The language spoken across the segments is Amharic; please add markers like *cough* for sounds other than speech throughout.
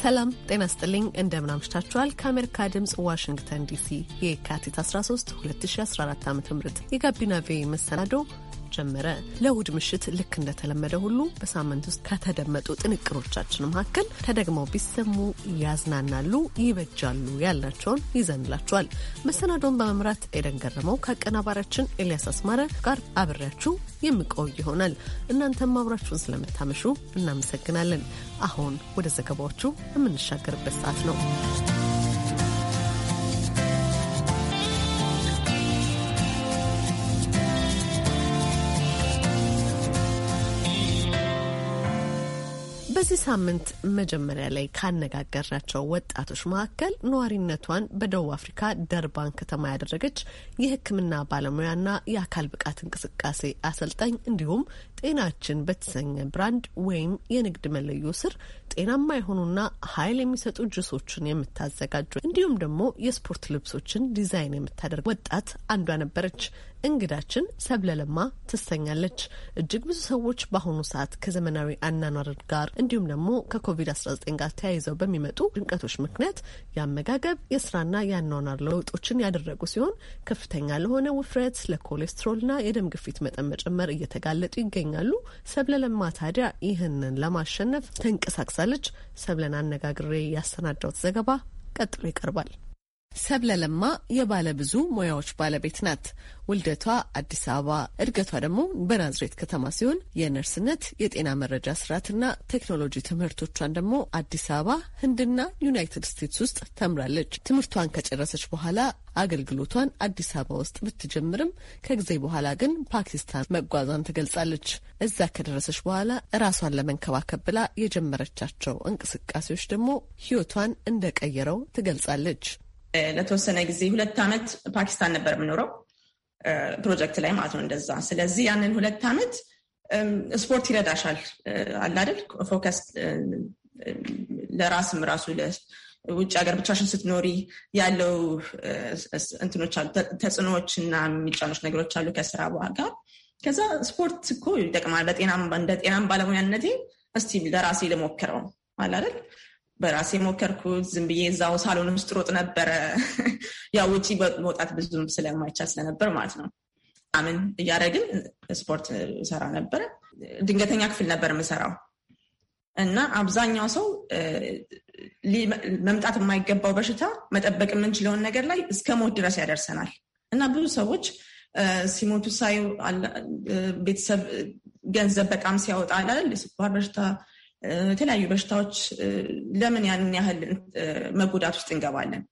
ሰላም ጤና ስጥልኝ። እንደምን አምሽታችኋል? ከአሜሪካ ድምፅ ዋሽንግተን ዲሲ የካቲት 13 2014 ዓ ም የጋቢና ቪኦኤ መሰናዶ ጀመረ። ለእሁድ ምሽት ልክ እንደተለመደ ሁሉ በሳምንት ውስጥ ከተደመጡ ጥንቅሮቻችን መካከል ተደግመው ቢሰሙ ያዝናናሉ፣ ይበጃሉ ያልናቸውን ይዘንላችኋል። መሰናዶን በመምራት ኤደን ገረመው ከአቀናባሪያችን ኤልያስ አስማረ ጋር አብሬያችሁ የሚቆይ ይሆናል። እናንተም አብራችሁን ስለምታመሹ እናመሰግናለን። አሁን ወደ ዘገባዎቹ የምንሻገርበት ሰዓት ነው። ሳምንት መጀመሪያ ላይ ካነጋገርናቸው ወጣቶች መካከል ነዋሪነቷን በደቡብ አፍሪካ ደርባን ከተማ ያደረገች የሕክምና ባለሙያና የአካል ብቃት እንቅስቃሴ አሰልጣኝ እንዲሁም ጤናችን በተሰኘ ብራንድ ወይም የንግድ መለዮ ስር ጤናማ የሆኑና ኃይል የሚሰጡ ጁሶችን የምታዘጋጁ እንዲሁም ደግሞ የስፖርት ልብሶችን ዲዛይን የምታደርግ ወጣት አንዷ ነበረች። እንግዳችን ሰብለለማ ትሰኛለች። እጅግ ብዙ ሰዎች በአሁኑ ሰዓት ከዘመናዊ አኗኗር ጋር እንዲሁም ደግሞ ከኮቪድ-19 ጋር ተያይዘው በሚመጡ ድንቀቶች ምክንያት የአመጋገብ የስራና የአኗኗር ለውጦችን ያደረጉ ሲሆን ከፍተኛ ለሆነ ውፍረት፣ ለኮሌስትሮልና የደም ግፊት መጠን መጨመር እየተጋለጡ ይገኛል። ይገኛሉ። ሰብለ ለማ ታዲያ ይህንን ለማሸነፍ ተንቀሳቅሳለች። ሰብለን አነጋግሬ ያሰናዳውት ዘገባ ቀጥሎ ይቀርባል። ሰብለ ለማ የባለ ብዙ ሙያዎች ባለቤት ናት። ውልደቷ አዲስ አበባ፣ እድገቷ ደግሞ በናዝሬት ከተማ ሲሆን የነርስነት የጤና መረጃ ስርዓትና ቴክኖሎጂ ትምህርቶቿን ደግሞ አዲስ አበባ፣ ህንድና ዩናይትድ ስቴትስ ውስጥ ተምራለች። ትምህርቷን ከጨረሰች በኋላ አገልግሎቷን አዲስ አበባ ውስጥ ብትጀምርም ከጊዜ በኋላ ግን ፓኪስታን መጓዟን ትገልጻለች። እዛ ከደረሰች በኋላ ራሷን ለመንከባከብ ብላ የጀመረቻቸው እንቅስቃሴዎች ደግሞ ህይወቷን እንደቀየረው ትገልጻለች። ለተወሰነ ጊዜ ሁለት ዓመት ፓኪስታን ነበር የምኖረው ፕሮጀክት ላይ ማለት ነው እንደዛ። ስለዚህ ያንን ሁለት ዓመት ስፖርት ይረዳሻል አላደል ፎከስ ለራስም ራሱ ውጭ ሀገር ብቻሽን ስትኖሪ ያለው እንትኖች አሉ፣ ተጽዕኖዎች እና የሚጫኖች ነገሮች አሉ ከስራ ጋር። ከዛ ስፖርት እኮ ይጠቅማል። እንደ ጤናም ባለሙያነቴ እስቲ ለራሴ ልሞክረው አላደል በራሴ ሞከርኩት። ዝም ብዬ እዛው ሳሎን ውስጥ ሮጥ ነበረ። *laughs* ያው ውጪ መውጣት ብዙም ስለማይቻል ስለነበር ማለት ነው። አምን እያደረግን ስፖርት ሰራ ነበረ። ድንገተኛ ክፍል ነበር የምሰራው እና አብዛኛው ሰው መምጣት የማይገባው በሽታ መጠበቅ የምንችለውን ነገር ላይ እስከ ሞት ድረስ ያደርሰናል እና ብዙ ሰዎች ሲሞቱ ሳዩ ቤተሰብ ገንዘብ በጣም ሲያወጣ ስኳር በሽታ የተለያዩ በሽታዎች ለምን ያንን ያህል መጎዳት ውስጥ እንገባለን?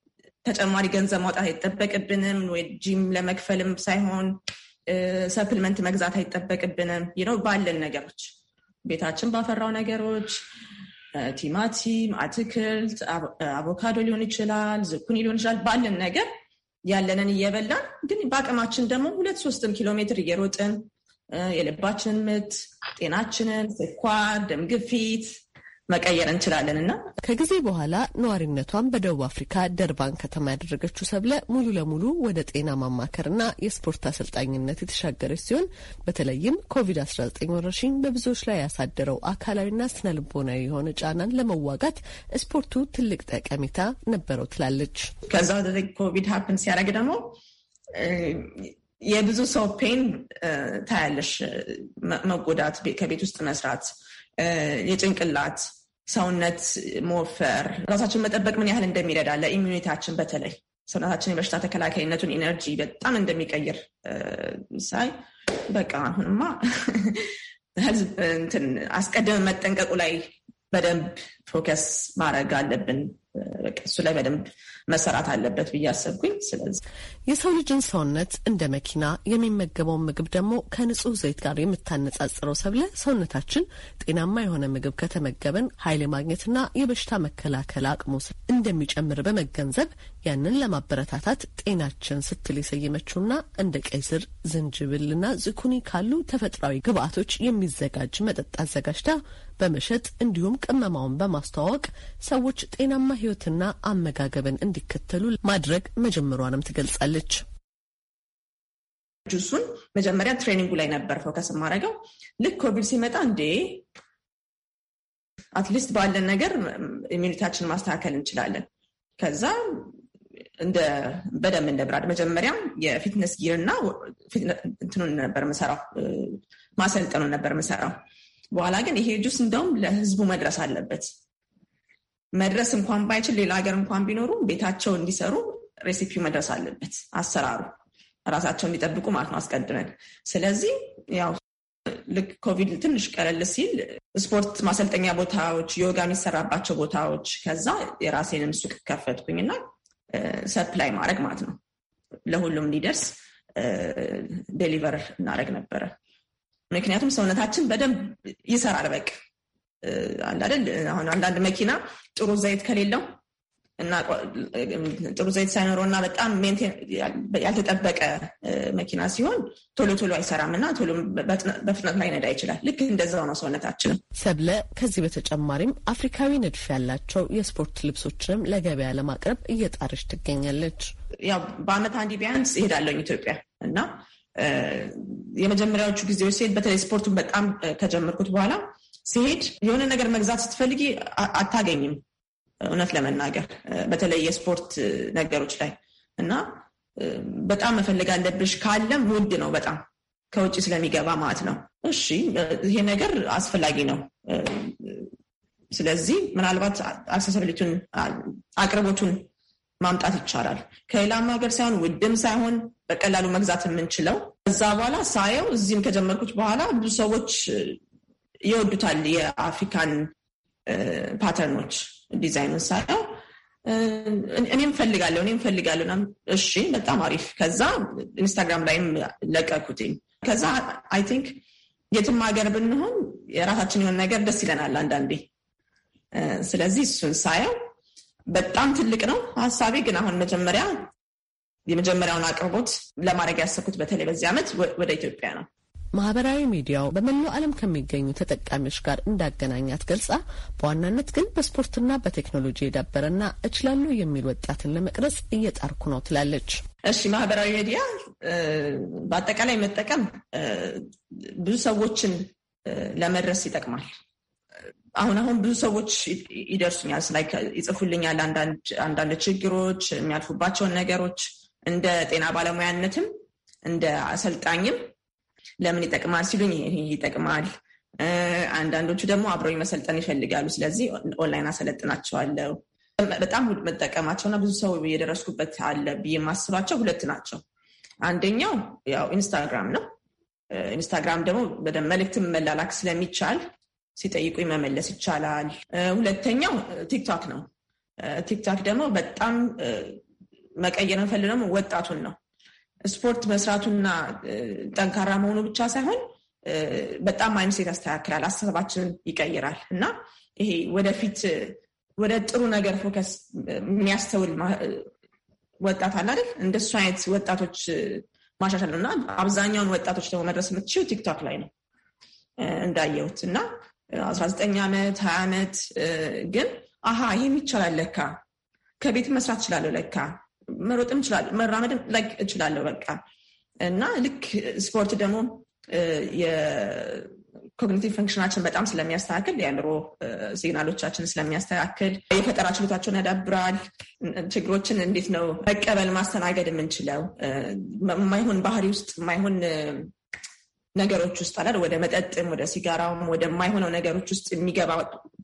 ተጨማሪ ገንዘብ ማውጣት አይጠበቅብንም ወይ ጂም ለመክፈልም ሳይሆን ሰፕልመንት መግዛት አይጠበቅብንም። ይነው ባለን ነገሮች ቤታችን ባፈራው ነገሮች ቲማቲም፣ አትክልት፣ አቮካዶ ሊሆን ይችላል፣ ዝኩኒ ሊሆን ይችላል። ባለን ነገር ያለንን እየበላን ግን በአቅማችን ደግሞ ሁለት ሶስትም ኪሎ ሜትር እየሮጥን የልባችንን ምት፣ ጤናችንን፣ ስኳር፣ ደም ግፊት መቀየር እንችላለን እና ከጊዜ በኋላ ነዋሪነቷን በደቡብ አፍሪካ ደርባን ከተማ ያደረገችው ሰብለ ሙሉ ለሙሉ ወደ ጤና ማማከርና የስፖርት አሰልጣኝነት የተሻገረች ሲሆን በተለይም ኮቪድ-19 ወረርሽኝ በብዙዎች ላይ ያሳደረው አካላዊና ስነልቦናዊ የሆነ ጫናን ለመዋጋት ስፖርቱ ትልቅ ጠቀሜታ ነበረው ትላለች። ከዛ ኮቪድ ሀፕን ሲያደርግ ደግሞ የብዙ ሰው ፔን ታያለሽ። መጎዳት፣ ከቤት ውስጥ መስራት፣ የጭንቅላት ሰውነት መወፈር፣ ራሳችን መጠበቅ ምን ያህል እንደሚረዳ ለኢሚኒታችን በተለይ ሰውነታችን የበሽታ ተከላካይነቱን ኢነርጂ በጣም እንደሚቀይር ሳይ በቃ አሁንማ *laughs* ህዝብ እንትን አስቀድመን መጠንቀቁ ላይ በደንብ ፎከስ ማድረግ አለብን እሱ ላይ በደንብ መሰራት አለበት ብዬ አሰብኩኝ። ስለዚህ የሰው ልጅን ሰውነት እንደ መኪና የሚመገበውን ምግብ ደግሞ ከንጹህ ዘይት ጋር የምታነጻጽረው ሰብለ፣ ሰውነታችን ጤናማ የሆነ ምግብ ከተመገበን ኃይል ማግኘትና የበሽታ መከላከል አቅሙ እንደሚጨምር በመገንዘብ ያንን ለማበረታታት ጤናችን ስትል የሰየመችውና እንደ ቀይ ስር፣ ዝንጅብልና ዝኩኒ ካሉ ተፈጥሯዊ ግብአቶች የሚዘጋጅ መጠጥ አዘጋጅታ በመሸጥ እንዲሁም ቅመማውን በማስተዋወቅ ሰዎች ጤናማ ህይወትና አመጋገብን እንዲከተሉ ማድረግ መጀመሯንም ትገልጻለች። ጁሱን መጀመሪያ ትሬኒንጉ ላይ ነበር ፎከስ የማደርገው። ልክ ኮቪድ ሲመጣ እንዴ አትሊስት ባለን ነገር ኢሚኒቲያችንን ማስተካከል እንችላለን። ከዛ በደንብ እንደ ብራድ መጀመሪያም የፊትነስ ጊርና እንትኑን ነበር ሰራው። ማሰልጠኑን ነበር ምሰራው። በኋላ ግን ይሄ ጁስ እንደውም ለህዝቡ መድረስ አለበት። መድረስ እንኳን ባይችል ሌላ ሀገር እንኳን ቢኖሩ ቤታቸው እንዲሰሩ ሬሲፒው መድረስ አለበት። አሰራሩ ራሳቸው እንዲጠብቁ ማለት ነው አስቀድመን። ስለዚህ ያው ልክ ኮቪድ ትንሽ ቀለል ሲል ስፖርት ማሰልጠኛ ቦታዎች፣ ዮጋ የሚሰራባቸው ቦታዎች፣ ከዛ የራሴንም ሱቅ ከፈትኩኝና ሰፕላይ ማድረግ ማለት ነው ለሁሉም ሊደርስ ዴሊቨር እናደረግ ነበረ። ምክንያቱም ሰውነታችን በደንብ ይሰራል። በቃ አንዳንድ አሁን አንዳንድ መኪና ጥሩ ዘይት ከሌለው እና ጥሩ ዘይት ሳይኖረው እና በጣም ያልተጠበቀ መኪና ሲሆን ቶሎ ቶሎ አይሰራም እና ቶሎ በፍጥነት ላይ ነዳ ይችላል። ልክ እንደዛው ነው ሰውነታችንም። ሰብለ ከዚህ በተጨማሪም አፍሪካዊ ንድፍ ያላቸው የስፖርት ልብሶችንም ለገበያ ለማቅረብ እየጣረች ትገኛለች። ያው በአመት አንድ ቢያንስ እሄዳለሁ ኢትዮጵያ እና የመጀመሪያዎቹ ጊዜዎች ሲሄድ በተለይ ስፖርቱን በጣም ከጀመርኩት በኋላ ሲሄድ የሆነ ነገር መግዛት ስትፈልጊ አታገኝም፣ እውነት ለመናገር በተለይ የስፖርት ነገሮች ላይ እና በጣም መፈለግ አለብሽ። ካለም ውድ ነው በጣም ከውጭ ስለሚገባ ማለት ነው። እሺ ይሄ ነገር አስፈላጊ ነው። ስለዚህ ምናልባት አክሰሰብሊቱን አቅርቦቱን ማምጣት ይቻላል። ከሌላም ሀገር ሳይሆን ውድም ሳይሆን በቀላሉ መግዛት የምንችለው ከዛ በኋላ ሳየው እዚህም ከጀመርኩት በኋላ ብዙ ሰዎች ይወዱታል። የአፍሪካን ፓተርኖች ዲዛይኑን ሳየው እኔም ፈልጋለሁ እኔም ፈልጋለሁ። እሺ በጣም አሪፍ። ከዛ ኢንስታግራም ላይም ለቀኩትኝ። ከዛ አይ ቲንክ የትም ሀገር ብንሆን የራሳችን የሆነ ነገር ደስ ይለናል አንዳንዴ። ስለዚህ እሱን ሳየው በጣም ትልቅ ነው ሀሳቤ፣ ግን አሁን መጀመሪያ የመጀመሪያውን አቅርቦት ለማድረግ ያሰብኩት በተለይ በዚህ ዓመት ወደ ኢትዮጵያ ነው። ማህበራዊ ሚዲያው በመላው ዓለም ከሚገኙ ተጠቃሚዎች ጋር እንዳገናኛት ገልጻ በዋናነት ግን በስፖርትና በቴክኖሎጂ የዳበረና እችላለሁ የሚል ወጣትን ለመቅረጽ እየጣርኩ ነው ትላለች። እሺ፣ ማህበራዊ ሚዲያ በአጠቃላይ መጠቀም ብዙ ሰዎችን ለመድረስ ይጠቅማል። አሁን አሁን ብዙ ሰዎች ይደርሱኛል፣ ይጽፉልኛል፣ አንዳንድ ችግሮች የሚያልፉባቸውን ነገሮች እንደ ጤና ባለሙያነትም እንደ አሰልጣኝም ለምን ይጠቅማል ሲሉኝ ይጠቅማል። አንዳንዶቹ ደግሞ አብረው መሰልጠን ይፈልጋሉ። ስለዚህ ኦንላይን አሰለጥናቸዋለሁ። በጣም መጠቀማቸውና ብዙ ሰው የደረስኩበት አለ ብዬ የማስባቸው ሁለት ናቸው። አንደኛው ያው ኢንስታግራም ነው። ኢንስታግራም ደግሞ በደንብ መልዕክትም መላላክ ስለሚቻል ሲጠይቁ መመለስ ይቻላል። ሁለተኛው ቲክቶክ ነው። ቲክቶክ ደግሞ በጣም መቀየር እንፈልገው ወጣቱን ነው። ስፖርት መስራቱና ጠንካራ መሆኑ ብቻ ሳይሆን በጣም ማይንድሴት ያስተካክላል፣ አስተሳሰባችንን ይቀይራል እና ይሄ ወደፊት ወደ ጥሩ ነገር ፎከስ የሚያስተውል ወጣት አለ አይደል? እንደሱ አይነት ወጣቶች ማሻሻል ነው እና አብዛኛውን ወጣቶች ደግሞ መድረስ የምትችው ቲክቶክ ላይ ነው እንዳየሁት እና አስራ ዘጠኝ ዓመት ሀያ ዓመት ግን አሀ ይህም ይቻላል ለካ ከቤት መስራት እችላለሁ ለካ መሮጥም እችላለሁ፣ መራመድም እችላለሁ። በቃ እና ልክ ስፖርት ደግሞ የኮግኒቲቭ ፈንክሽናችን በጣም ስለሚያስተካክል የአእምሮ ሲግናሎቻችን ስለሚያስተካክል የፈጠራ ችሎታቸውን ያዳብራል። ችግሮችን እንዴት ነው መቀበል ማስተናገድ የምንችለው ማይሆን ባህሪ ውስጥ ማይሆን ነገሮች ውስጥ አላል ወደ መጠጥም ወደ ሲጋራውም ወደማይሆነው ነገሮች ውስጥ የሚገባ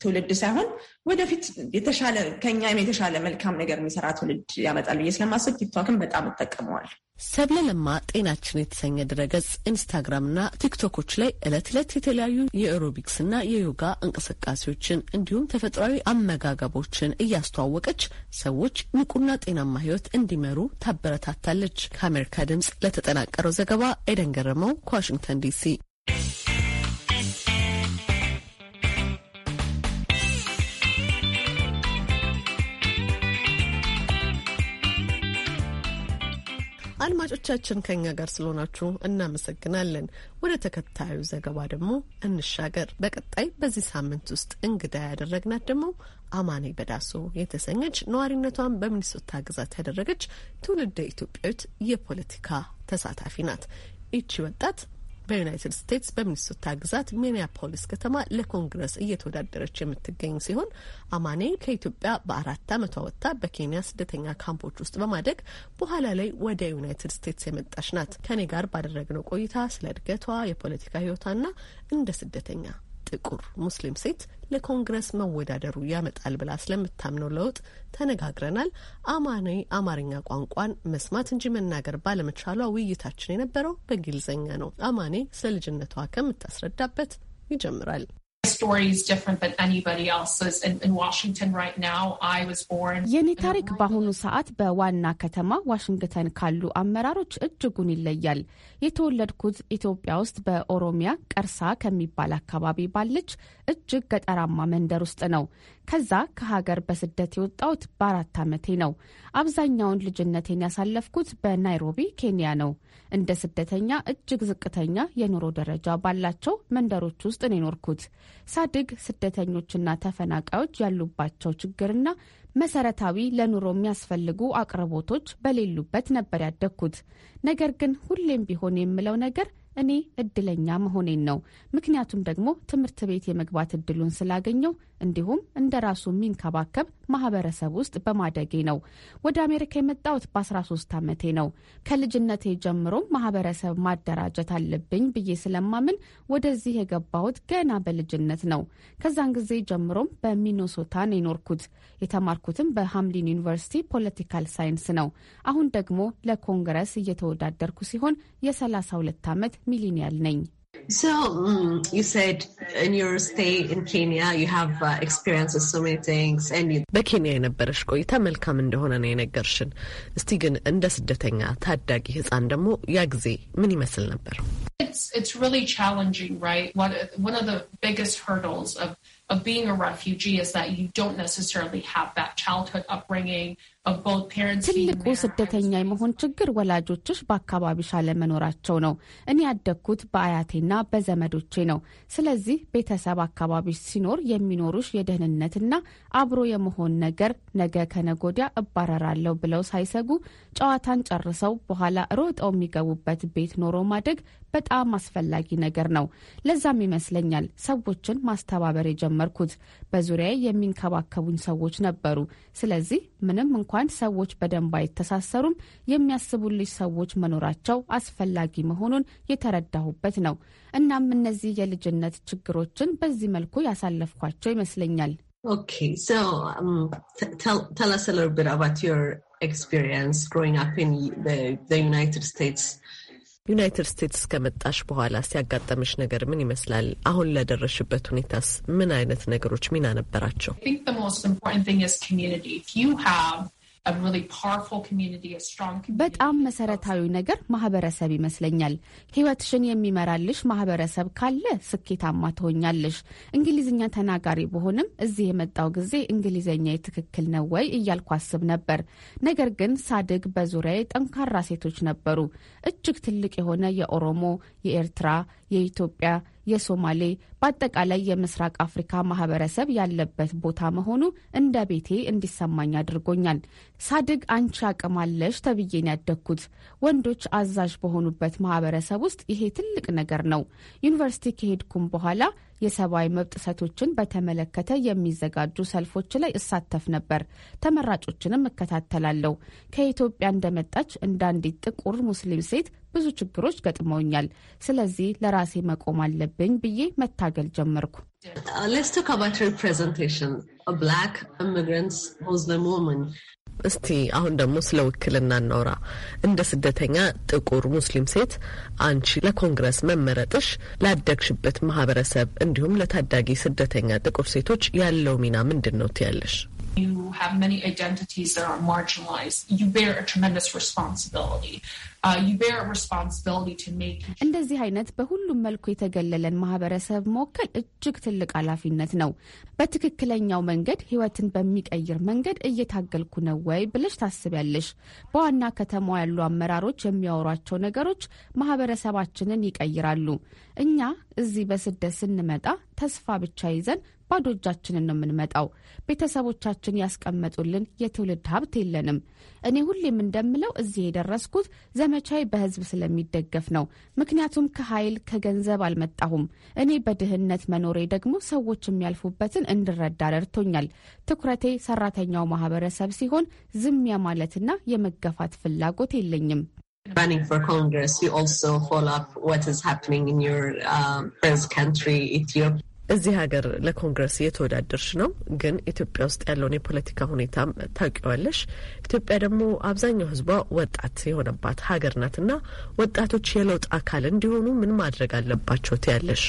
ትውልድ ሳይሆን ወደፊት የተሻለ ከኛም የተሻለ መልካም ነገር የሚሰራ ትውልድ ያመጣል ብዬ ስለማስብ ቲክቶክን በጣም እጠቀመዋል። ሰብለ ለማ ጤናችን የተሰኘ ድረገጽ ኢንስታግራምና ቲክቶኮች ላይ እለት ዕለት የተለያዩ የኤሮቢክስና የዮጋ እንቅስቃሴዎችን እንዲሁም ተፈጥሯዊ አመጋገቦችን እያስተዋወቀች ሰዎች ንቁና ጤናማ ህይወት እንዲመሩ ታበረታታለች። ከአሜሪካ ድምጽ ለተጠናቀረው ዘገባ ኤደን ገረመው ከዋሽንግተን ዲሲ። አድማጮቻችን ከኛ ጋር ስለሆናችሁ እናመሰግናለን። ወደ ተከታዩ ዘገባ ደግሞ እንሻገር። በቀጣይ በዚህ ሳምንት ውስጥ እንግዳ ያደረግናት ደግሞ አማኔ በዳሶ የተሰኘች ነዋሪነቷን በሚኒሶታ ግዛት ያደረገች ትውልደ ኢትዮጵያዊት የፖለቲካ ተሳታፊ ናት። ይቺ ወጣት በዩናይትድ ስቴትስ በሚኒሶታ ግዛት ሚኒያፖሊስ ከተማ ለኮንግረስ እየተወዳደረች የምትገኝ ሲሆን አማኔ ከኢትዮጵያ በአራት ዓመቷ ወጥታ በኬንያ ስደተኛ ካምፖች ውስጥ በማደግ በኋላ ላይ ወደ ዩናይትድ ስቴትስ የመጣች ናት። ከኔ ጋር ባደረግነው ቆይታ ስለ እድገቷ፣ የፖለቲካ ህይወቷና እንደ ስደተኛ ጥቁር ሙስሊም ሴት ለኮንግረስ መወዳደሩ ያመጣል ብላ ስለምታምነው ለውጥ ተነጋግረናል። አማኔ አማርኛ ቋንቋን መስማት እንጂ መናገር ባለመቻሏ ውይይታችን የነበረው በእንግሊዝኛ ነው። አማኔ ስለ ልጅነቷ ከምታስረዳበት ይጀምራል። የኔ ታሪክ በአሁኑ ሰዓት በዋና ከተማ ዋሽንግተን ካሉ አመራሮች እጅጉን ይለያል። የተወለድኩት ኢትዮጵያ ውስጥ በኦሮሚያ ቀርሳ ከሚባል አካባቢ ባለች እጅግ ገጠራማ መንደር ውስጥ ነው። ከዛ ከሀገር በስደት የወጣሁት በአራት ዓመቴ ነው። አብዛኛውን ልጅነቴን ያሳለፍኩት በናይሮቢ ኬንያ ነው። እንደ ስደተኛ እጅግ ዝቅተኛ የኑሮ ደረጃ ባላቸው መንደሮች ውስጥ ነው የኖርኩት። ሳድግ ስደተኞችና ተፈናቃዮች ያሉባቸው ችግርና መሰረታዊ ለኑሮ የሚያስፈልጉ አቅርቦቶች በሌሉበት ነበር ያደግኩት። ነገር ግን ሁሌም ቢሆን የምለው ነገር እኔ እድለኛ መሆኔን ነው። ምክንያቱም ደግሞ ትምህርት ቤት የመግባት እድሉን ስላገኘው እንዲሁም እንደ ራሱ የሚንከባከብ ማህበረሰብ ውስጥ በማደጌ ነው። ወደ አሜሪካ የመጣሁት በ13 ዓመቴ ነው። ከልጅነቴ ጀምሮ ማህበረሰብ ማደራጀት አለብኝ ብዬ ስለማምን ወደዚህ የገባሁት ገና በልጅነት ነው። ከዛን ጊዜ ጀምሮም በሚኖሶታን የኖርኩት የተማርኩትም በሃምሊን ዩኒቨርሲቲ ፖለቲካል ሳይንስ ነው። አሁን ደግሞ ለኮንግረስ እየተወዳደርኩ ሲሆን የ32 ዓመት ሚሊኒያል ነኝ። So mm, you said in your stay in Kenya you have uh, experienced so many things and በኬንያ የነበረሽ ቆይታ መልካም እንደሆነ ነው የነገርሽን። እስቲ ግን እንደ ስደተኛ ታዳጊ ሕፃን ደግሞ ያ ጊዜ ምን ይመስል ነበር? It's really challenging, right? One one of the biggest hurdles of of being a refugee is that you don't necessarily have that childhood upbringing. ትልቁ ስደተኛ የመሆን ችግር ወላጆችሽ በአካባቢሽ አለመኖራቸው ነው። እኔ ያደግኩት በአያቴና በዘመዶቼ ነው። ስለዚህ ቤተሰብ አካባቢሽ ሲኖር የሚኖሩሽ የደህንነትና አብሮ የመሆን ነገር ነገ ከነጎዲያ እባረራለሁ ብለው ሳይሰጉ ጨዋታን ጨርሰው በኋላ ሮጠው የሚገቡበት ቤት ኖሮ ማደግ በጣም አስፈላጊ ነገር ነው። ለዛም ይመስለኛል ሰዎችን ማስተባበር የጀመርኩት። በዙሪያ የሚንከባከቡኝ ሰዎች ነበሩ። ስለዚህ ምንም እንኳን ሰዎች በደንብ አይተሳሰሩም፣ የሚያስቡልሽ ሰዎች መኖራቸው አስፈላጊ መሆኑን የተረዳሁበት ነው። እናም እነዚህ የልጅነት ችግሮችን በዚህ መልኩ ያሳለፍኳቸው ይመስለኛል። ኦኬ ተላሰለር ብት አባት ኤክስፒሪየንስ ግሮዊንግ አፕ ኢን ዘ ዩናይትድ ስቴትስ ዩናይትድ ስቴትስ ከመጣሽ በኋላ ሲያጋጠመሽ ነገር ምን ይመስላል? አሁን ለደረሽበት ሁኔታስ ምን አይነት ነገሮች ሚና ነበራቸው? በጣም መሰረታዊ ነገር ማህበረሰብ ይመስለኛል። ህይወትሽን የሚመራልሽ ማህበረሰብ ካለ ስኬታማ ትሆኛለሽ። እንግሊዝኛ ተናጋሪ በሆንም እዚህ የመጣው ጊዜ እንግሊዝኛ ትክክል ነው ወይ እያልኩ አስብ ነበር። ነገር ግን ሳድግ በዙሪያ ጠንካራ ሴቶች ነበሩ። እጅግ ትልቅ የሆነ የኦሮሞ፣ የኤርትራ፣ የኢትዮጵያ፣ የሶማሌ በአጠቃላይ የምስራቅ አፍሪካ ማህበረሰብ ያለበት ቦታ መሆኑ እንደ ቤቴ እንዲሰማኝ አድርጎኛል። ሳድግ አንቺ አቅም አለሽ ተብዬን ያደግኩት ወንዶች አዛዥ በሆኑበት ማህበረሰብ ውስጥ ይሄ ትልቅ ነገር ነው። ዩኒቨርሲቲ ከሄድኩም በኋላ የሰብአዊ መብት ጥሰቶችን በተመለከተ የሚዘጋጁ ሰልፎች ላይ እሳተፍ ነበር። ተመራጮችንም እከታተላለሁ። ከኢትዮጵያ እንደመጣች እንደ አንዲት ጥቁር ሙስሊም ሴት ብዙ ችግሮች ገጥመውኛል። ስለዚህ ለራሴ መቆም አለብኝ ብዬ መታ መታገል ጀመርኩ። uh, እስቲ አሁን ደግሞ ስለ ውክልና እናውራ። እንደ ስደተኛ ጥቁር ሙስሊም ሴት አንቺ ለኮንግረስ መመረጥሽ ላደግሽበት ማህበረሰብ እንዲሁም ለታዳጊ ስደተኛ ጥቁር ሴቶች ያለው ሚና ምንድን ነው ትያለሽ? You have many identities that are marginalized. You bear a tremendous responsibility. Uh, እንደዚህ አይነት በሁሉም መልኩ የተገለለን ማህበረሰብ መወከል እጅግ ትልቅ ኃላፊነት ነው። በትክክለኛው መንገድ ህይወትን በሚቀይር መንገድ እየታገልኩ ነው ወይ ብለሽ ታስቢያለሽ። በዋና ከተማ ያሉ አመራሮች የሚያወሯቸው ነገሮች ማህበረሰባችንን ይቀይራሉ። እኛ እዚህ በስደት ስንመጣ ተስፋ ብቻ ይዘን ባዶ እጃችንን ነው የምንመጣው። ቤተሰቦቻችን ያስቀመጡልን የትውልድ ሀብት የለንም። እኔ ሁሌም እንደምለው እዚህ የደረስኩት ዘመቻዬ በህዝብ ስለሚደገፍ ነው። ምክንያቱም ከኃይል ከገንዘብ አልመጣሁም። እኔ በድህነት መኖሬ ደግሞ ሰዎች የሚያልፉበትን እንድረዳ ረድቶኛል። ትኩረቴ ሰራተኛው ማህበረሰብ ሲሆን ዝሚያ ማለትና የመገፋት ፍላጎት የለኝም። running for Congress, you also follow up what is happening in your um, friend's country, Ethiopia. እዚህ ሀገር ለኮንግረስ እየተወዳደርሽ ነው፣ ግን ኢትዮጵያ ውስጥ ያለውን የፖለቲካ ሁኔታም ታውቂዋለሽ። ኢትዮጵያ ደግሞ አብዛኛው ሕዝቧ ወጣት የሆነባት ሀገር ናትና ወጣቶች የለውጥ አካል እንዲሆኑ ምን ማድረግ አለባቸው ትያለሽ?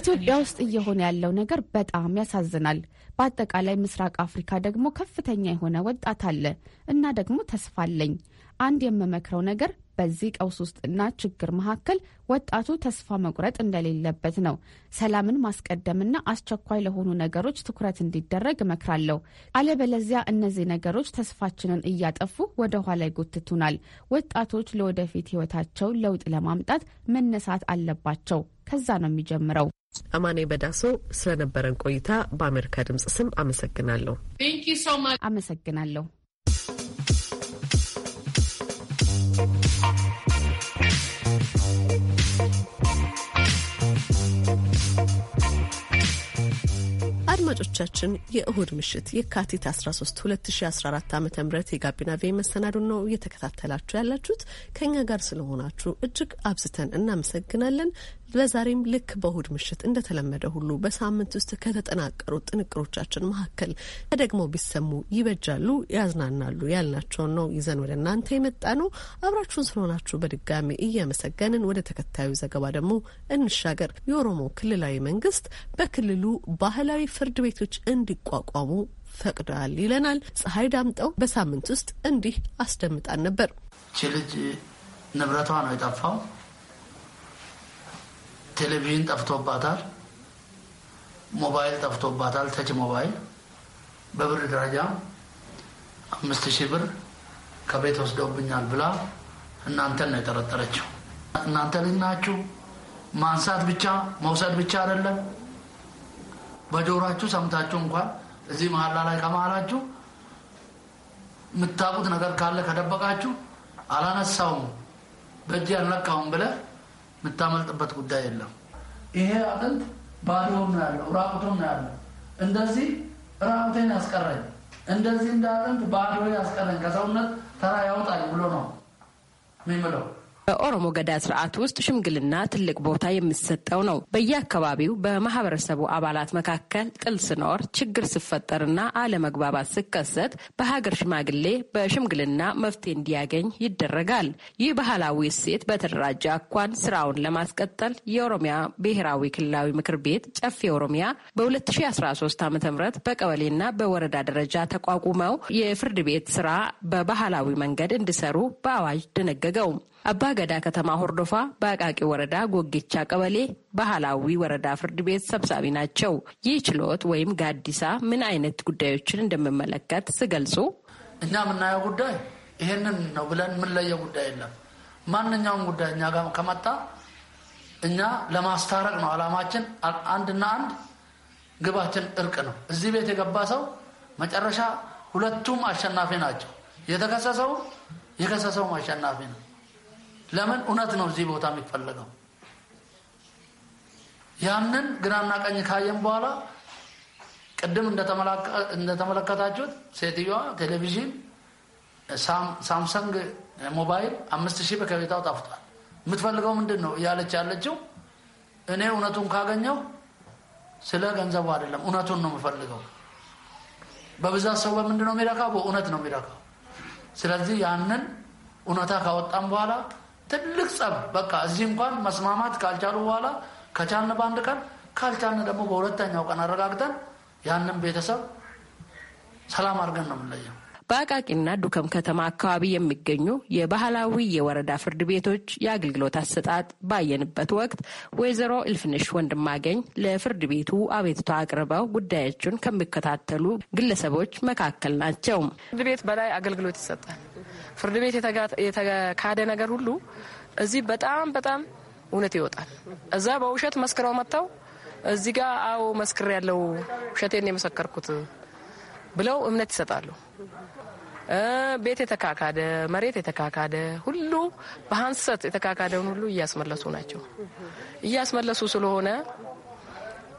ኢትዮጵያ ውስጥ እየሆነ ያለው ነገር በጣም ያሳዝናል። በአጠቃላይ ምስራቅ አፍሪካ ደግሞ ከፍተኛ የሆነ ወጣት አለ እና ደግሞ ተስፋ አለኝ። አንድ የምመክረው ነገር በዚህ ቀውስ ውስጥና ችግር መካከል ወጣቱ ተስፋ መቁረጥ እንደሌለበት ነው። ሰላምን ማስቀደምና አስቸኳይ ለሆኑ ነገሮች ትኩረት እንዲደረግ እመክራለሁ። አለበለዚያ እነዚህ ነገሮች ተስፋችንን እያጠፉ ወደ ኋላ ይጎትቱናል። ወጣቶች ለወደፊት ህይወታቸው ለውጥ ለማምጣት መነሳት አለባቸው። ከዛ ነው የሚጀምረው። አማኔ በዳሶ ስለነበረን ቆይታ በአሜሪካ ድምጽ ስም አመሰግናለሁ። አመሰግናለሁ። አድማጮቻችን የእሁድ ምሽት የካቲት 13 2014 ዓ ም የጋቢና ቬ መሰናዱን ነው እየተከታተላችሁ ያላችሁት። ከእኛ ጋር ስለሆናችሁ እጅግ አብዝተን እናመሰግናለን። ለዛሬም ልክ በእሁድ ምሽት እንደተለመደ ሁሉ በሳምንት ውስጥ ከተጠናቀሩ ጥንቅሮቻችን መካከል ደግሞ ቢሰሙ ይበጃሉ፣ ያዝናናሉ ያልናቸውን ነው ይዘን ወደ እናንተ የመጣ ነው። አብራችሁን ስለሆናችሁ በድጋሚ እያመሰገንን ወደ ተከታዩ ዘገባ ደግሞ እንሻገር። የኦሮሞ ክልላዊ መንግስት በክልሉ ባህላዊ ፍርድ ቤቶች እንዲቋቋሙ ፈቅዷል ይለናል። ፀሐይ ዳምጠው በሳምንት ውስጥ እንዲህ አስደምጣን ነበር። ልጅ ንብረቷ ነው የጠፋው ቴሌቪዥን ጠፍቶባታል፣ ሞባይል ጠፍቶባታል። ተች ሞባይል በብር ደረጃ አምስት ሺህ ብር ከቤት ወስደውብኛል ብላ እናንተን ነው የጠረጠረችው። እናንተ ልጅ ናችሁ። ማንሳት ብቻ መውሰድ ብቻ አይደለም። በጆሯችሁ ሰምታችሁ እንኳን እዚህ መሀላ ላይ ከመሀላችሁ የምታውቁት ነገር ካለ ከደበቃችሁ አላነሳውም በእጅ ያልነካውም ብለህ የምታመልጥበት ጉዳይ የለም። ይሄ አጥንት ባዶውን ነው ያለው፣ ራቁቶም ነው ያለው። እንደዚህ ራቁቴን ያስቀረኝ፣ እንደዚህ እንደ አጥንት ባዶ ያስቀረኝ፣ ከሰውነት ተራ ያውጣኝ ብሎ ነው የሚምለው። በኦሮሞ ገዳ ስርዓት ውስጥ ሽምግልና ትልቅ ቦታ የሚሰጠው ነው። በየአካባቢው በማህበረሰቡ አባላት መካከል ጥል ስኖር፣ ችግር ስፈጠርና አለመግባባት ስከሰት፣ በሀገር ሽማግሌ በሽምግልና መፍትሄ እንዲያገኝ ይደረጋል። ይህ ባህላዊ እሴት በተደራጀ አኳን ስራውን ለማስቀጠል የኦሮሚያ ብሔራዊ ክልላዊ ምክር ቤት ጨፌ ኦሮሚያ በ2013 ዓ ም በቀበሌና በወረዳ ደረጃ ተቋቁመው የፍርድ ቤት ስራ በባህላዊ መንገድ እንዲሰሩ በአዋጅ ደነገገው። አባ በገዳ ከተማ ሆርዶፋ በአቃቂ ወረዳ ጎጌቻ ቀበሌ ባህላዊ ወረዳ ፍርድ ቤት ሰብሳቢ ናቸው። ይህ ችሎት ወይም ጋዲሳ ምን አይነት ጉዳዮችን እንደምመለከት ስገልጹ? እኛ የምናየው ጉዳይ ይሄንን ነው ብለን የምንለየው ጉዳይ የለም። ማንኛውም ጉዳይ እኛ ጋር ከመጣ እኛ ለማስታረቅ ነው አላማችን። አንድና አንድ ግባችን እርቅ ነው። እዚህ ቤት የገባ ሰው መጨረሻ ሁለቱም አሸናፊ ናቸው። የተከሰሰው የከሰሰውም አሸናፊ ነው። ለምን እውነት ነው እዚህ ቦታ የሚፈለገው። ያንን ግራና ቀኝ ካየን በኋላ ቅድም እንደተመለከታችሁት ሴትዮዋ ቴሌቪዥን፣ ሳምሰንግ ሞባይል አምስት ሺህ በከቤታው ጠፍቷል። የምትፈልገው ምንድን ነው እያለች ያለችው እኔ እውነቱን ካገኘው ስለ ገንዘቡ አይደለም እውነቱን ነው የምፈልገው። በብዛት ሰው በምንድን ነው የሚረካው? በእውነት ነው የሚረካው። ስለዚህ ያንን እውነታ ካወጣም በኋላ ትልቅ ጸብ በቃ እዚህ እንኳን መስማማት ካልቻሉ በኋላ ከቻልን በአንድ ቀን ካልቻልን ደግሞ በሁለተኛው ቀን አረጋግጠን ያንን ቤተሰብ ሰላም አድርገን ነው የምንለየው። በአቃቂና ዱከም ከተማ አካባቢ የሚገኙ የባህላዊ የወረዳ ፍርድ ቤቶች የአገልግሎት አሰጣጥ ባየንበት ወቅት ወይዘሮ እልፍንሽ ወንድማገኝ ለፍርድ ቤቱ አቤቱታ አቅርበው ጉዳያቸውን ከሚከታተሉ ግለሰቦች መካከል ናቸው። ፍርድ ቤት በላይ አገልግሎት ይሰጣል። ፍርድ ቤት የተካደ ነገር ሁሉ እዚህ በጣም በጣም እውነት ይወጣል። እዛ በውሸት መስክረው መጥተው እዚህ ጋ አዎ መስክር ያለው ውሸቴን የመሰከርኩት ብለው እምነት ይሰጣሉ። ቤት የተካካደ መሬት የተካካደ ሁሉ በሀንሰት የተካካደውን ሁሉ እያስመለሱ ናቸው። እያስመለሱ ስለሆነ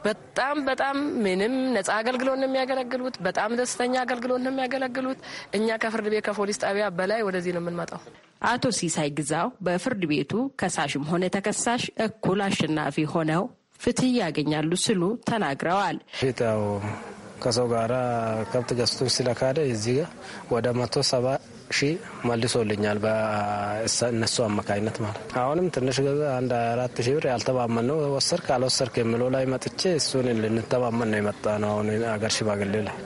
በጣም በጣም ምንም ነጻ አገልግሎት ነው የሚያገለግሉት። በጣም ደስተኛ አገልግሎት ነው የሚያገለግሉት። እኛ ከፍርድ ቤት ከፖሊስ ጣቢያ በላይ ወደዚህ ነው የምንመጣው። አቶ ሲሳይ ግዛው በፍርድ ቤቱ ከሳሽም ሆነ ተከሳሽ እኩል አሸናፊ ሆነው ፍትህ ያገኛሉ ስሉ ተናግረዋል። ከሰው ጋራ ከብት ገዝቶ ስለካደ እዚህ ጋር ወደ መቶ ሰባ ሺህ መልሶልኛል በእነሱ አማካኝነት ማለት አሁንም ትንሽ ገዛ አንድ አራት ሺህ ብር ያልተማመን ነው ወሰርክ አልወሰርክ የምለው ላይ መጥቼ እሱን ልንተማመን ነው የመጣ ነው። አሁን አገር ሽማግሌ ላይ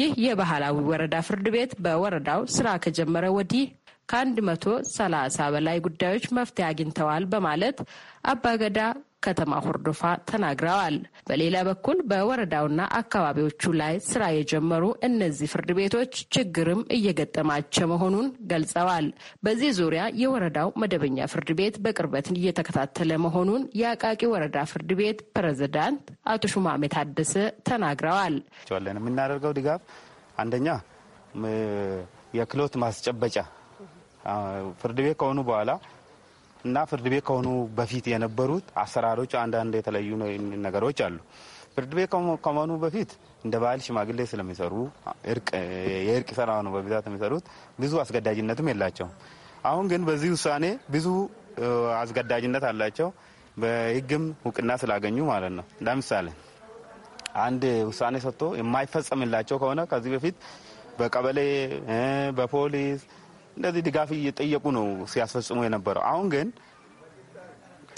ይህ የባህላዊ ወረዳ ፍርድ ቤት በወረዳው ስራ ከጀመረ ወዲህ ከአንድ መቶ ሰላሳ በላይ ጉዳዮች መፍትሄ አግኝተዋል በማለት አባገዳ ከተማ ሆርዶፋ ተናግረዋል። በሌላ በኩል በወረዳውና አካባቢዎቹ ላይ ስራ የጀመሩ እነዚህ ፍርድ ቤቶች ችግርም እየገጠማቸው መሆኑን ገልጸዋል። በዚህ ዙሪያ የወረዳው መደበኛ ፍርድ ቤት በቅርበት እየተከታተለ መሆኑን የአቃቂ ወረዳ ፍርድ ቤት ፕሬዝዳንት አቶ ሹማሜ ታደሰ ተናግረዋል። የምናደርገው ድጋፍ አንደኛ የክሎት ማስጨበጫ ፍርድ ቤት ከሆኑ በኋላ እና ፍርድ ቤት ከሆኑ በፊት የነበሩት አሰራሮች አንዳንድ የተለዩ ነገሮች አሉ። ፍርድ ቤት ከመሆኑ በፊት እንደ ባህል ሽማግሌ ስለሚሰሩ የእርቅ ስራ ነው በብዛት የሚሰሩት። ብዙ አስገዳጅነትም የላቸው። አሁን ግን በዚህ ውሳኔ ብዙ አስገዳጅነት አላቸው። በህግም እውቅና ስላገኙ ማለት ነው። ለምሳሌ አንድ ውሳኔ ሰጥቶ የማይፈጸምላቸው ከሆነ ከዚህ በፊት በቀበሌ በፖሊስ እንደዚህ ድጋፍ እየጠየቁ ነው ሲያስፈጽሙ የነበረው። አሁን ግን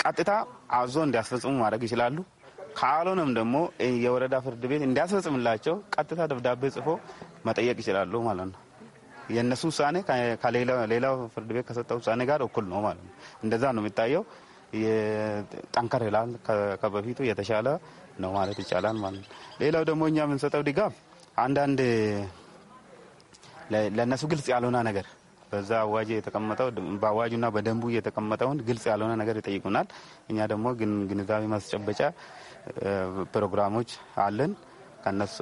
ቀጥታ አዞ እንዲያስፈጽሙ ማድረግ ይችላሉ። ካልሆነም ደግሞ የወረዳ ፍርድ ቤት እንዲያስፈጽምላቸው ቀጥታ ደብዳቤ ጽፎ መጠየቅ ይችላሉ ማለት ነው። የእነሱ ውሳኔ ከሌላው ፍርድ ቤት ከሰጠው ውሳኔ ጋር እኩል ነው ማለት ነው። እንደዛ ነው የሚታየው። ጠንከር ይላል። ከበፊቱ የተሻለ ነው ማለት ይቻላል ማለት ነው። ሌላው ደግሞ እኛ የምንሰጠው ድጋፍ አንዳንድ ለእነሱ ግልጽ ያልሆነ ነገር በዛ አዋጅ የተቀመጠው በአዋጁና በደንቡ የተቀመጠውን ግልጽ ያልሆነ ነገር ይጠይቁናል። እኛ ደግሞ ግንዛቤ ማስጨበጫ ፕሮግራሞች አለን። ከነሱ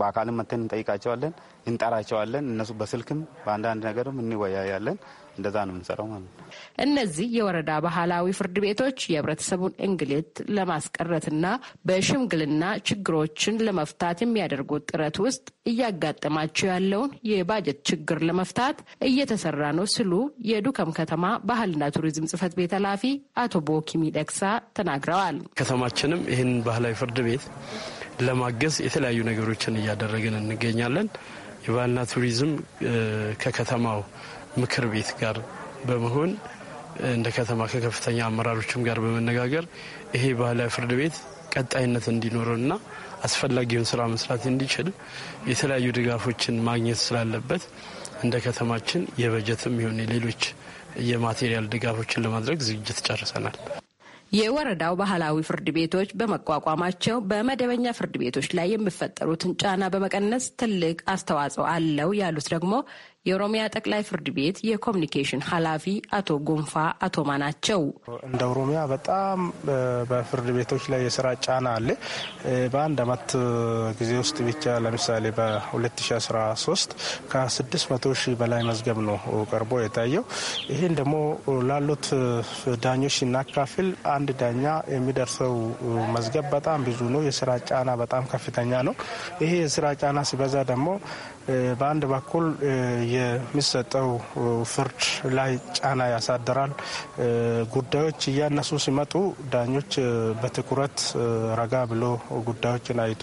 በአካልም መተን እንጠይቃቸዋለን፣ እንጠራቸዋለን። እነሱ በስልክም በአንዳንድ ነገርም እንወያያለን። እንደዛ ነው የምንሰራው ማለት ነው። እነዚህ የወረዳ ባህላዊ ፍርድ ቤቶች የህብረተሰቡን እንግልት ለማስቀረትና በሽምግልና ችግሮችን ለመፍታት የሚያደርጉት ጥረት ውስጥ እያጋጠማቸው ያለውን የባጀት ችግር ለመፍታት እየተሰራ ነው ሲሉ የዱከም ከተማ ባህልና ቱሪዝም ጽህፈት ቤት ኃላፊ አቶ ቦኪሚ ደግሳ ተናግረዋል። ከተማችንም ይህን ባህላዊ ፍርድ ቤት ለማገዝ የተለያዩ ነገሮችን እያደረግን እንገኛለን። የባህልና ቱሪዝም ከከተማው ምክር ቤት ጋር በመሆን እንደ ከተማ ከከፍተኛ አመራሮችም ጋር በመነጋገር ይሄ ባህላዊ ፍርድ ቤት ቀጣይነት እንዲኖረውና አስፈላጊውን ስራ መስራት እንዲችል የተለያዩ ድጋፎችን ማግኘት ስላለበት እንደ ከተማችን የበጀትም ይሁን የሌሎች የማቴሪያል ድጋፎችን ለማድረግ ዝግጅት ጨርሰናል። የወረዳው ባህላዊ ፍርድ ቤቶች በመቋቋማቸው በመደበኛ ፍርድ ቤቶች ላይ የሚፈጠሩትን ጫና በመቀነስ ትልቅ አስተዋጽኦ አለው ያሉት ደግሞ የኦሮሚያ ጠቅላይ ፍርድ ቤት የኮሚኒኬሽን ኃላፊ አቶ ጎንፋ አቶማ ናቸው። እንደ ኦሮሚያ በጣም በፍርድ ቤቶች ላይ የስራ ጫና አለ። በአንድ አመት ጊዜ ውስጥ ብቻ ለምሳሌ በ2013 ከ600 ሺህ በላይ መዝገብ ነው ቀርቦ የታየው። ይህን ደግሞ ላሉት ዳኞች ሲናካፍል አንድ ዳኛ የሚደርሰው መዝገብ በጣም ብዙ ነው። የስራ ጫና በጣም ከፍተኛ ነው። ይሄ የስራ ጫና ሲበዛ ደግሞ በአንድ በኩል የሚሰጠው ፍርድ ላይ ጫና ያሳድራል። ጉዳዮች እያነሱ ሲመጡ ዳኞች በትኩረት ረጋ ብሎ ጉዳዮችን አይቶ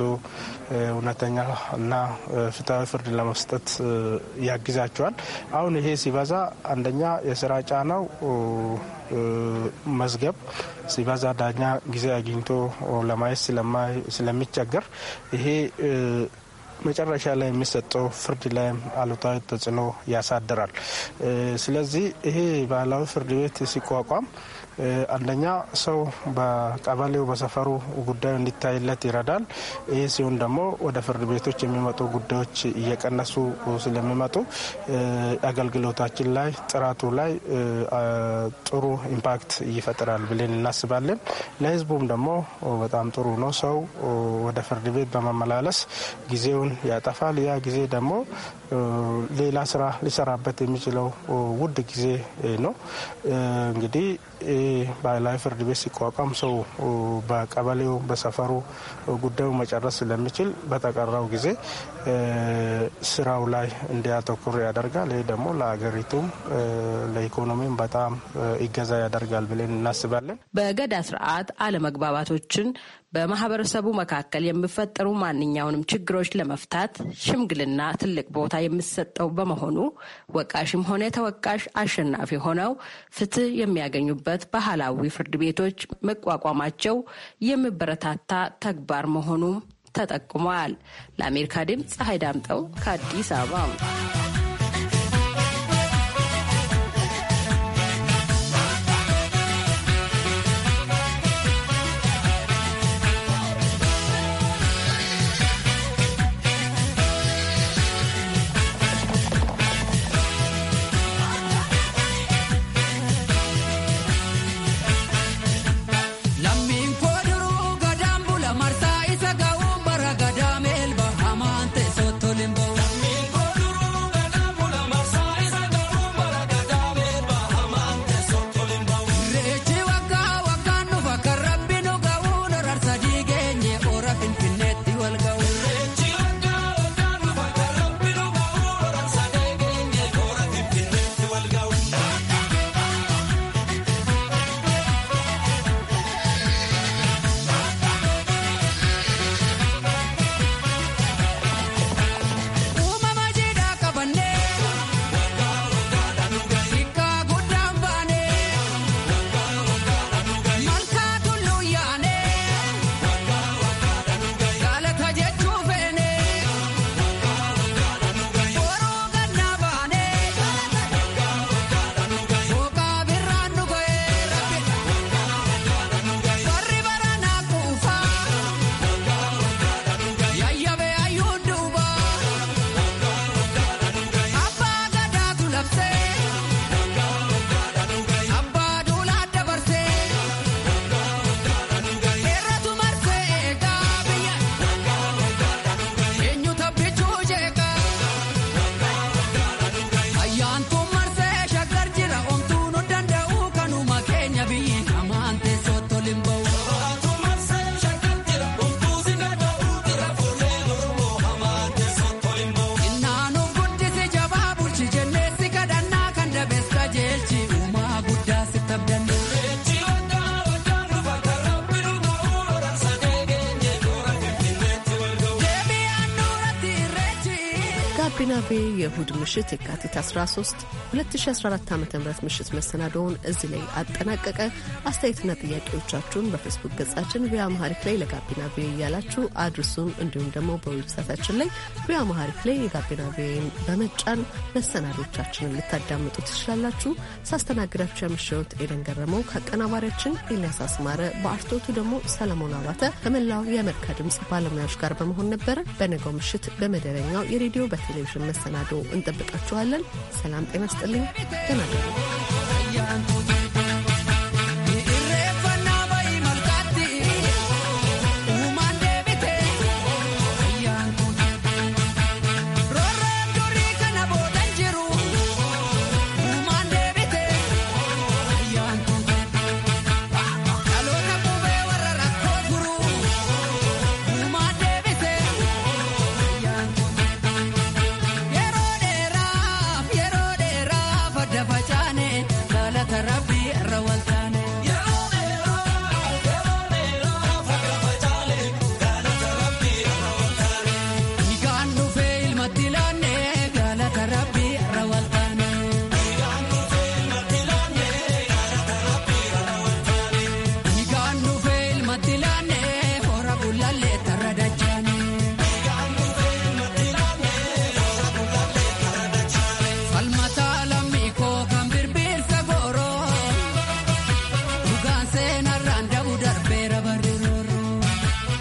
እውነተኛ እና ፍትሐዊ ፍርድ ለመስጠት ያግዛቸዋል። አሁን ይሄ ሲበዛ አንደኛ የስራ ጫናው መዝገብ ሲበዛ ዳኛ ጊዜ አግኝቶ ለማየት ስለሚቸገር ይሄ መጨረሻ ላይ የሚሰጠው ፍርድ ላይም አሉታዊ ተጽዕኖ ያሳድራል። ስለዚህ ይሄ ባህላዊ ፍርድ ቤት ሲቋቋም አንደኛ ሰው በቀበሌው በሰፈሩ ጉዳዩ እንዲታይለት ይረዳል። ይህ ሲሆን ደግሞ ወደ ፍርድ ቤቶች የሚመጡ ጉዳዮች እየቀነሱ ስለሚመጡ አገልግሎታችን ላይ ጥራቱ ላይ ጥሩ ኢምፓክት ይፈጥራል ብለን እናስባለን። ለህዝቡም ደግሞ በጣም ጥሩ ነው። ሰው ወደ ፍርድ ቤት በመመላለስ ጊዜውን ያጠፋል። ያ ጊዜ ደግሞ ሌላ ስራ ሊሰራበት የሚችለው ውድ ጊዜ ነው እንግዲህ ባህላዊ ፍርድ ቤት ሲቋቋም ሰው በቀበሌው በሰፈሩ ጉዳዩ መጨረስ ስለሚችል በተቀራው ጊዜ ስራው ላይ እንዲያተኩር ያደርጋል። ይህ ደግሞ ለሀገሪቱም ለኢኮኖሚም በጣም ይገዛ ያደርጋል ብለን እናስባለን። በገዳ ስርዓት አለመግባባቶችን በማህበረሰቡ መካከል የሚፈጠሩ ማንኛውንም ችግሮች ለመፍታት ሽምግልና ትልቅ ቦታ የሚሰጠው በመሆኑ ወቃሽም ሆነ ተወቃሽ አሸናፊ ሆነው ፍትህ የሚያገኙበት ባህላዊ ፍርድ ቤቶች መቋቋማቸው የሚበረታታ ተግባር መሆኑም ተጠቁመዋል። ለአሜሪካ ድምፅ ፀሐይ ዳምጠው ከአዲስ አበባ ጋቢና ቤ የእሁድ ምሽት የካቲት 13 2014 ዓ ም ምሽት መሰናዶውን እዚህ ላይ አጠናቀቀ። አስተያየትና ጥያቄዎቻችሁን በፌስቡክ ገጻችን ቪያ መሀሪክ ላይ ለጋቢና ቬ እያላችሁ አድርሱም። እንዲሁም ደግሞ በዌብሳይታችን ላይ ቪኦኤ አማሃሪክ ላይ የጋቢና ቬን በመጫን መሰናዶቻችንን ልታዳምጡ ትችላላችሁ። ሳስተናግዳችሁ ያመሸሁት ኤደን ገረመው ከአቀናባሪያችን ኤልያስ አስማረ፣ በአርቶቱ ደግሞ ሰለሞን አባተ ከመላው የአሜሪካ ድምፅ ባለሙያዎች ጋር በመሆን ነበረ። በነገው ምሽት በመደበኛው የሬዲዮ በቴሌቪዥን ምሽት መሰናዶ እንጠብቃችኋለን። ሰላም ጤና ስጥልኝ። ደህና